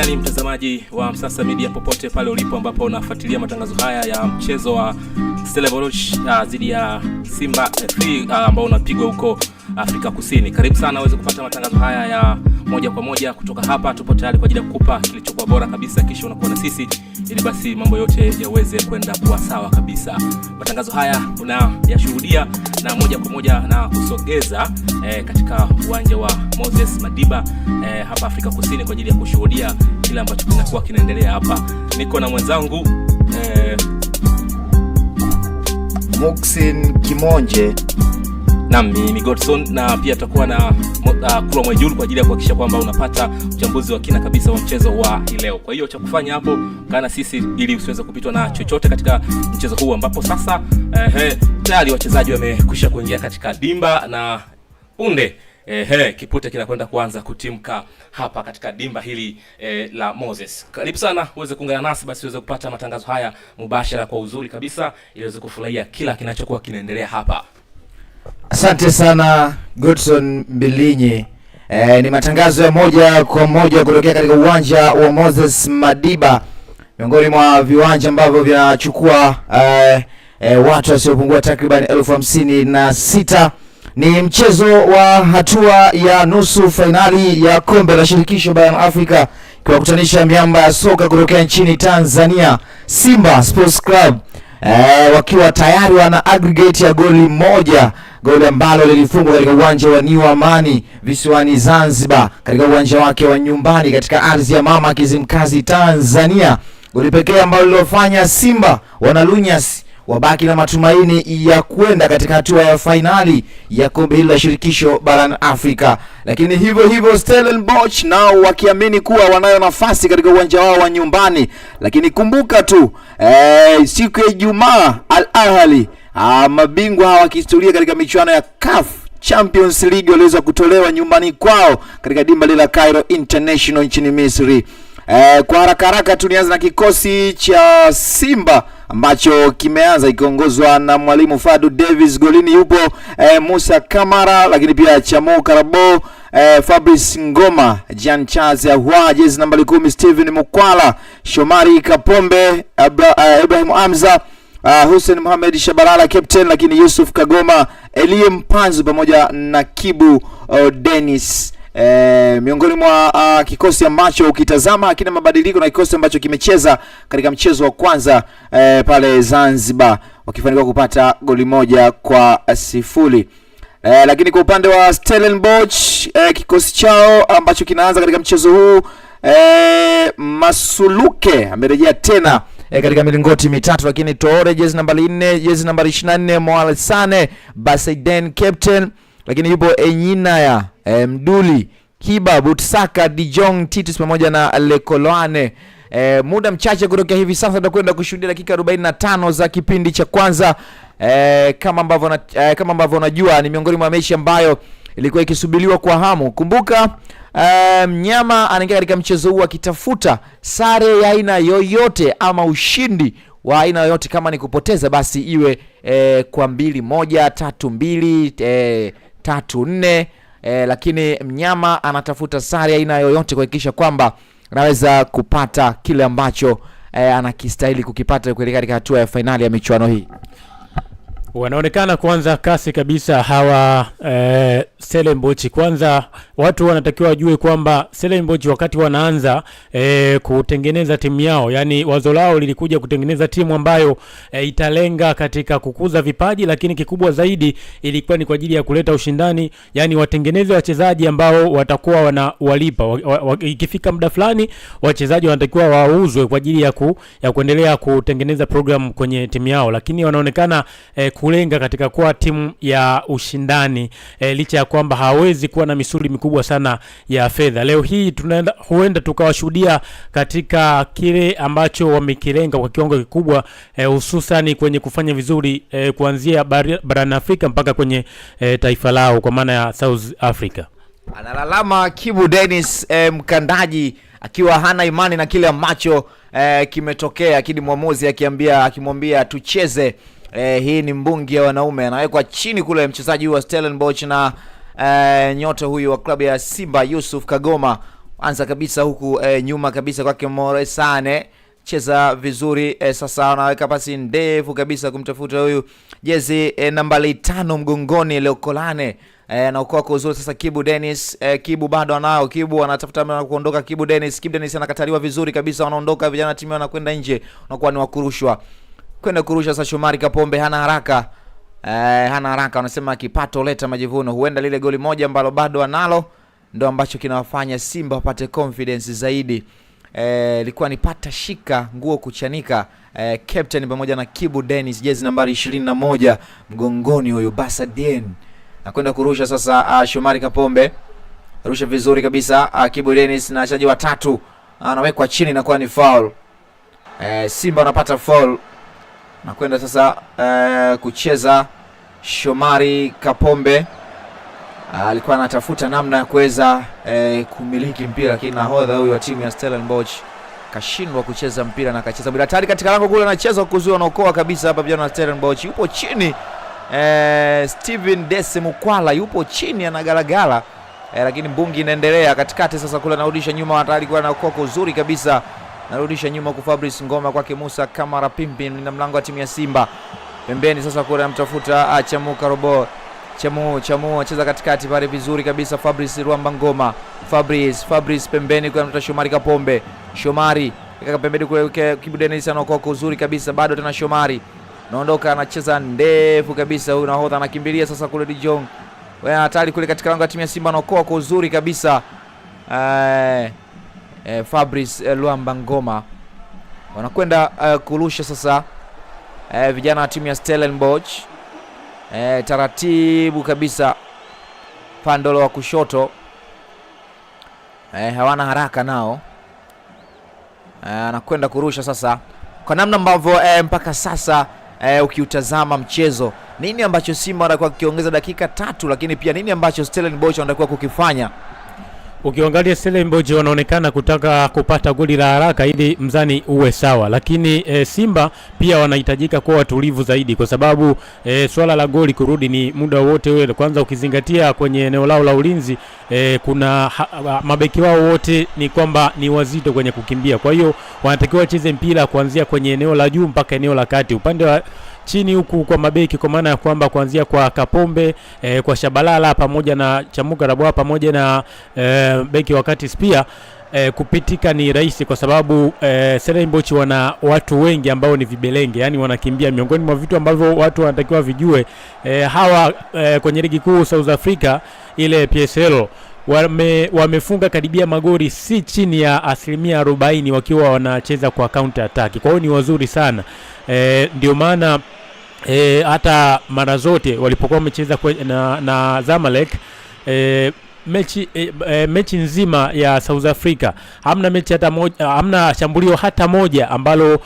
gani mtazamaji wa Msasa Media popote pale ulipo ambapo unafuatilia matangazo haya ya mchezo wa Stellenbosch ah, dhidi ya Simba FA ah, ambao unapigwa huko Afrika Kusini. Karibu sana uweze kupata matangazo haya ya moja kwa moja kutoka hapa. Tupo tayari kwa ajili ya kukupa kilichokuwa bora kabisa, kisha unakuwa na sisi, ili basi mambo yote yaweze kwenda kuwa sawa kabisa. Matangazo haya unayashuhudia na moja kwa moja na kusogeza eh, katika uwanja wa Moses Madiba eh, hapa Afrika Kusini kwa ajili ya kushuhudia kile ambacho kinakuwa kinaendelea hapa. Niko na mwenzangu eh, Muksin Kimonje na mimi Godson, na pia tutakuwa na uh, Kula Mwejuru kwa ajili ya kuhakikisha kwamba unapata uchambuzi wa kina kabisa wa mchezo wa leo. Kwa hiyo cha kufanya hapo, kana sisi ili usiweze kupitwa na chochote katika mchezo huu ambapo sasa eh, tayari wachezaji wamekwisha kuingia katika dimba na punde Ehe, kipute kinakwenda kuanza kutimka hapa katika dimba hili eh, la Moses. Karibu sana uweze kuungana nasi basi uweze kupata matangazo haya mubashara kwa uzuri kabisa ili uweze kufurahia kila kinachokuwa kinaendelea hapa. Asante sana Godson Mbilinyi. E, ni matangazo ya moja kwa moja kutokea katika uwanja wa Moses Madiba, miongoni mwa viwanja ambavyo vinachukua e, e, watu wasiopungua takriban elfu hamsini na sita. Ni mchezo wa hatua ya nusu fainali ya kombe la shirikisho barani Afrika ikiwakutanisha miamba ya soka kutokea nchini Tanzania, Simba Sports Club e, wakiwa tayari wana aggregate ya goli moja goli ambalo lilifungwa katika uwanja wa New Amani visiwani Zanzibar, katika uwanja wake wa nyumbani katika ardhi ya mama Kizimkazi, Tanzania. Goli pekee ambalo lilofanya Simba wanalunyas wabaki na matumaini ya kwenda katika hatua ya fainali ya kombe hili la shirikisho barani Afrika, lakini hivyo hivyo Stellenbosch nao wakiamini kuwa wanayo nafasi katika uwanja wao wa nyumbani. Lakini kumbuka tu eh, siku ya Ijumaa Al Ahly Ah, mabingwa hawa kihistoria katika michuano ya CAF Champions League waliweza kutolewa nyumbani kwao katika dimba la Cairo International nchini Misri. Eh, kwa haraka haraka tu nianze na kikosi cha Simba ambacho kimeanza ikiongozwa na mwalimu Fadu Davis, golini yupo eh, Musa Kamara, lakini pia Chamo Karabo, eh, Fabrice Ngoma, Jean Charles Ahoua, jezi nambari kumi Steven Mukwala, Shomari Kapombe, Abra, eh, Ibrahim Hamza uh, Hussein Mohamed Shabalala captain, lakini Yusuf Kagoma, Elie Mpanzu pamoja na Kibu uh, Dennis E, miongoni mwa uh, kikosi ambacho ukitazama hakina mabadiliko na kikosi ambacho kimecheza katika mchezo wa kwanza e, pale Zanzibar wakifanikiwa kupata goli moja kwa sifuri. E, lakini kwa upande wa Stellenbosch e, kikosi chao ambacho kinaanza katika mchezo huu e, Masuluke amerejea tena e, katika milingoti mitatu, lakini Toure jezi nambari 4, jezi nambari 24 Mohamed Sane Baseiden captain, lakini yupo Enyinaya e, Mduli Kiba Butsaka Dijong Titus pamoja na Lekoloane. E, muda mchache kutokea hivi sasa tutakwenda kushuhudia dakika 45 za kipindi cha kwanza. E, kama ambavyo e, kama ambavyo unajua ni miongoni mwa mechi ambayo ilikuwa ikisubiliwa kwa hamu. Kumbuka eh, mnyama um, anaingia katika mchezo huu akitafuta sare ya aina yoyote ama ushindi wa aina yoyote. Kama ni kupoteza basi iwe e, kwa mbili moja tatu mbili e, tatu nne e, lakini mnyama anatafuta sare ya aina yoyote kuhakikisha kwamba anaweza kupata kile ambacho e, anakistahili kukipata kuelekea katika hatua ya fainali ya michuano hii. Wanaonekana kwanza kasi kabisa hawa eh, selembochi Kwanza watu wanatakiwa wajue kwamba selembochi wakati wanaanza eh, kutengeneza timu yao, yani wazo lao lilikuja kutengeneza timu ambayo eh, italenga katika kukuza vipaji, lakini kikubwa zaidi ilikuwa ni kwa ajili ya kuleta ushindani, yani watengeneze wachezaji ambao watakuwa wanawalipa ikifika muda fulani, wachezaji wanatakiwa wauzwe kwa ajili ya, ku, ya kuendelea kutengeneza program kwenye timu yao, lakini wanaonekana eh, kulenga katika kuwa timu ya ushindani e, licha ya kwamba hawezi kuwa na misuli mikubwa sana ya fedha. Leo hii tunaenda, huenda tukawashuhudia katika kile ambacho wamekilenga kwa kiwango kikubwa hususan e, kwenye kufanya vizuri e, kuanzia barani Afrika mpaka kwenye e, taifa lao kwa maana ya South Africa. Analalama Kibu Dennis e, mkandaji akiwa hana imani na kile ambacho e, kimetokea, lakini mwamuzi akiambia akimwambia tucheze eh, hii ni mbungi ya wanaume anawekwa chini kule mchezaji huyu wa Stellenbosch na eh, nyota huyu wa klabu ya Simba Yusuf Kagoma. Anza kabisa huku eh, nyuma kabisa kwake Moresane cheza vizuri eh, sasa anaweka pasi ndefu kabisa kumtafuta huyu jezi eh, nambari tano mgongoni Leokolane eh, na ukoa kwa uzuri sasa. Kibu Dennis eh, Kibu bado anao Kibu anatafuta na kuondoka Kibu Dennis Kibu Dennis anakataliwa vizuri kabisa, wanaondoka vijana timu wanakwenda nje, unakuwa ni wakurushwa kwenda kurusha. Sasa Shomari Kapombe hana haraka eh, hana haraka. Wanasema kipato leta majivuno. Huenda lile goli moja ambalo bado analo ndo ambacho kinawafanya Simba wapate confidence zaidi. Eh, ilikuwa ni pata shika nguo kuchanika. Eh, captain pamoja na Kibu Dennis jezi nambari 21 mgongoni, huyo Basa Dien nakwenda kurusha sasa. Uh, ah, Shomari Kapombe rusha vizuri kabisa. Uh, Kibu Dennis na wachezaji watatu ah, anawekwa chini, inakuwa ni foul. Eh, Simba wanapata foul na kwenda sasa uh, kucheza Shomari Kapombe ah, alikuwa anatafuta namna ya kuweza uh, kumiliki mpira, lakini nahodha huyu wa timu ya Stellenbosch kashindwa kucheza mpira na kacheza bila hatari katika lango kule, anacheza kuzuia, anaokoa kabisa hapa vijana wa Stellenbosch. Yupo chini eh, Steven Dese Mukwala yupo chini anagalagala eh, lakini mbungi inaendelea katikati sasa kule, anarudisha nyuma, hatari kwa anaokoa kuzuri kabisa narudisha nyuma kwa Fabrice Ngoma kwake Musa Kamara Pimbi mlinda mlango wa timu ya Simba pembeni. Sasa kura anamtafuta ah, Chamu Karobo, Chamu Chamu acheza katikati pale vizuri kabisa, Fabrice Ruamba Ngoma, Fabrice Fabrice pembeni kwa mtoto Shomari Kapombe, Shomari kaka pembeni kule Kibu Denis anaokoka uzuri kabisa, bado tena Shomari naondoka anacheza ndefu kabisa, huyu nahodha anakimbilia sasa kule Dijon wewe hatari kule katika lango la timu ya Simba anaokoa kwa uzuri kabisa. Ae. Eh, eh, Fabrice eh, Luamba Ngoma wanakwenda eh, kurusha sasa eh, vijana wa timu ya Stellenbosch eh, taratibu kabisa pandolo wa kushoto eh, hawana haraka nao eh, anakwenda eh, kurusha sasa kwa namna ambavyo eh, mpaka sasa eh, ukiutazama mchezo nini ambacho Simba wanatakiwa kukiongeza dakika tatu, lakini pia nini ambacho Stellenbosch wanatakiwa kukifanya Ukiangalia Sele Mboji wanaonekana kutaka kupata goli la haraka ili mzani uwe sawa, lakini e, Simba pia wanahitajika kuwa watulivu zaidi, kwa sababu e, swala la goli kurudi ni muda wote ule. Kwanza ukizingatia kwenye eneo lao la ulinzi e, kuna mabeki wao wote ni kwamba ni wazito kwenye kukimbia, kwa hiyo wanatakiwa wacheze mpira kuanzia kwenye eneo la juu mpaka eneo la kati upande wa chini huku kwa mabeki, kwa maana ya kwamba kuanzia kwa Kapombe e, kwa Shabalala pamoja na Chamuka Rabwa pamoja na e, eh, beki wakati spia E, eh, kupitika ni rahisi kwa sababu e, Stellenbosch wana watu wengi ambao ni vibelenge, yani wanakimbia. Miongoni mwa vitu ambavyo watu wanatakiwa vijue e, hawa e, kwenye ligi kuu South Africa ile PSL wame, wamefunga karibia magori si chini ya asilimia 40 wakiwa wanacheza kwa counter attack, kwa hiyo ni wazuri sana e, ndio maana e, hata mara zote walipokuwa wamecheza na, na Zamalek e, mechi e, e, mechi nzima ya South Africa hamna mechi hata moja, hamna shambulio hata moja ambalo